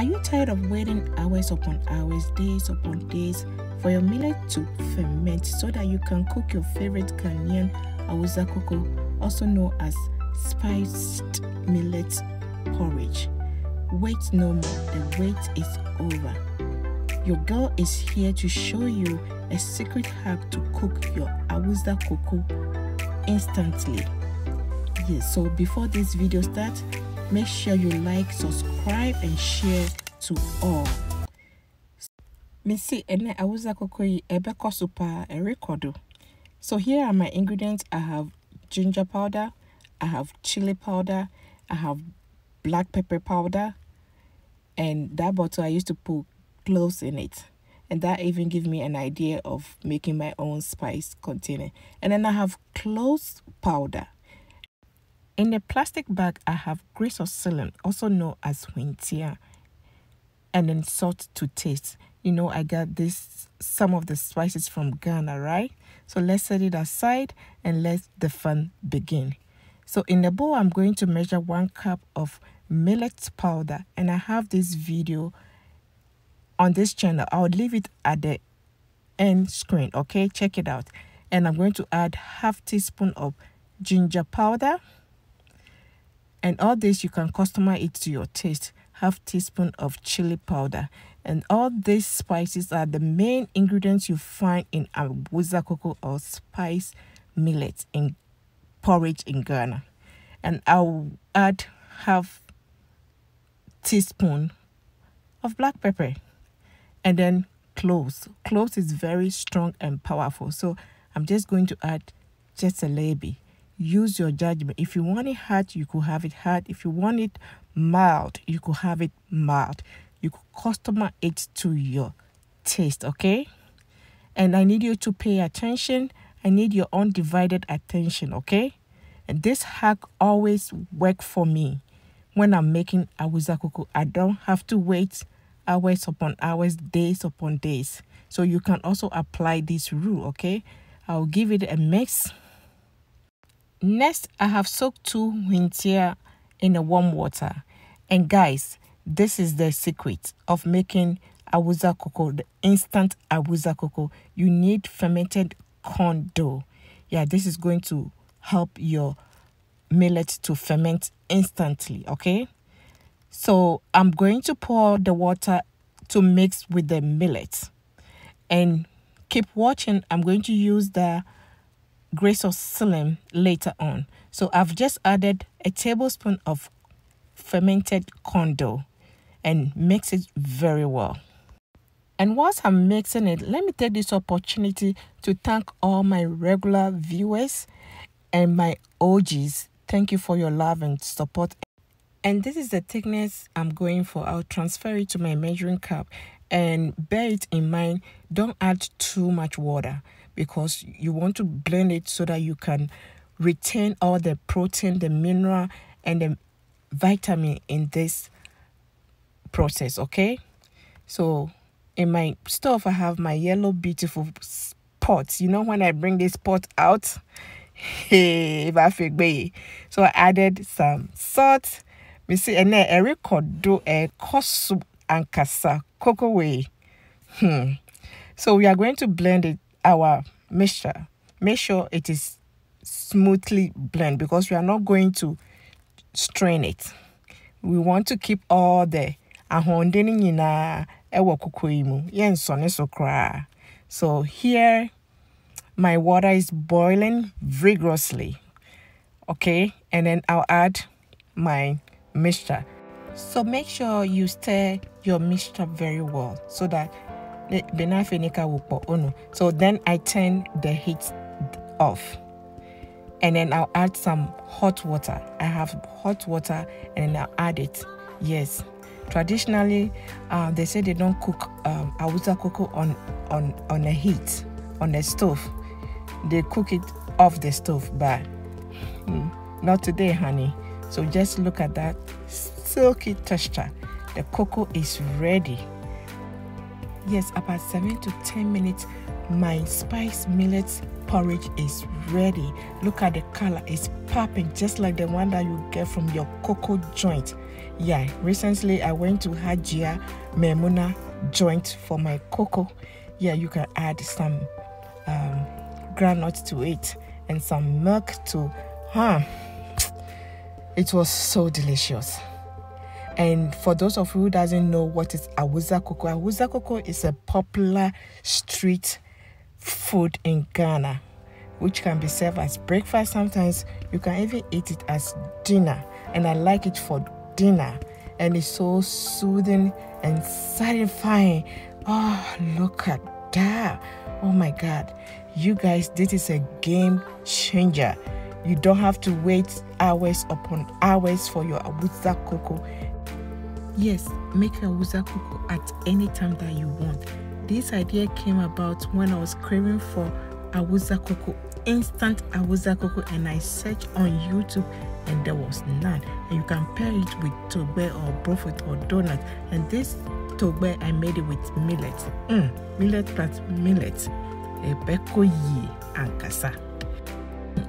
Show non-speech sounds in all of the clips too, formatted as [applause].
Are you tired of waiting hours upon hours, days upon days for your millet to ferment so that you can cook your favorite Ghanaian awusa koko, also known as spiced millet porridge? Wait no more, the wait is over. Your girl is here to show you a secret hack to cook your awusa koko instantly. Yes, so before this video starts, make sure you like subscribe and share to all mesi ene awuza koko yi ebe so here are my ingredients i have ginger powder i have chili powder i have black pepper powder and that bottle i used to put cloves in it and that even gave me an idea of making my own spice container and then i have cloves powder in a plastic bag, I have grease or sealant, also known as wintia, and then salt to taste. You know, I got this some of the spices from Ghana, right? So let's set it aside and let the fun begin. So in the bowl, I'm going to measure one cup of millet powder, and I have this video on this channel. I'll leave it at the end screen, okay? Check it out. And I'm going to add half teaspoon of ginger powder and all this you can customize it to your taste. Half teaspoon of chili powder. And all these spices are the main ingredients you find in abuza cocoa or spice millet in porridge in Ghana. And I'll add half teaspoon of black pepper. And then cloves. Cloves is very strong and powerful. So I'm just going to add just a little bit use your judgment. If you want it hot, you could have it hot. If you want it mild, you could have it mild. You could customize it to your taste, okay? And I need you to pay attention. I need your undivided attention, okay? And this hack always work for me. When I'm making awuzakuku, I don't have to wait hours upon hours, days upon days. So you can also apply this rule, okay? I'll give it a mix Next, I have soaked two huintia in a warm water. And guys, this is the secret of making awuza cocoa, the instant awuza cocoa. You need fermented corn dough. Yeah, this is going to help your millet to ferment instantly, okay? So I'm going to pour the water to mix with the millet. And keep watching. I'm going to use the grace of psyllium later on. So I've just added a tablespoon of fermented corn dough and mix it very well. And whilst I'm mixing it, let me take this opportunity to thank all my regular viewers and my OGs. Thank you for your love and support. And this is the thickness I'm going for. I'll transfer it to my measuring cup and bear it in mind, don't add too much water because you want to blend it so that you can retain all the protein, the mineral, and the vitamin in this process, okay? So in my stuff, I have my yellow beautiful pot. You know when I bring this pot out? Hey, [laughs] so I added some salt. Me see, and then I record do a cost and kasa cocoa way. Hmm. So we are going to blend it our mixture make sure it is smoothly blend because we are not going to strain it we want to keep all the ahonde ni ewo kukuimu yen so so here my water is boiling vigorously okay and then i'll add my mixture so make sure you stir your mixture very well so that Oh, so then I turn the heat off. And then I'll add some hot water. I have hot water and I'll add it. Yes. Traditionally, uh, they say they don't cook um, awuta cocoa on, on, on the heat, on the stove. They cook it off the stove, but mm, not today, honey. So just look at that silky texture. The cocoa is ready yes about 7 to 10 minutes my spice millet porridge is ready look at the color it's popping just like the one that you get from your cocoa joint yeah recently i went to hajia memuna joint for my cocoa yeah you can add some um, granules to it and some milk to huh it was so delicious and for those of you who doesn't know what is awuza koko, awuza koko is a popular street food in Ghana, which can be served as breakfast. Sometimes you can even eat it as dinner, and I like it for dinner. And it's so soothing and satisfying. Oh, look at that! Oh my God, you guys, this is a game changer. You don't have to wait hours upon hours for your awuza koko. Yes, make your kuku at any time that you want. This idea came about when I was craving for kuku, instant kuku, and I searched on YouTube and there was none. And you can pair it with tobe or profit or donut. And this tobe I made it with millet. Mm, millet plus millet. ye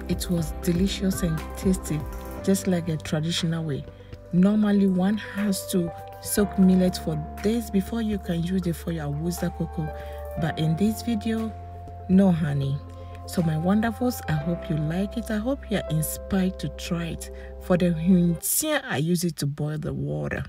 It was delicious and tasty, just like a traditional way. Normally, one has to soak millet for days before you can use it for your awusa cocoa. But in this video, no honey. So my wonderfuls, I hope you like it. I hope you are inspired to try it. For the huntien, I use it to boil the water.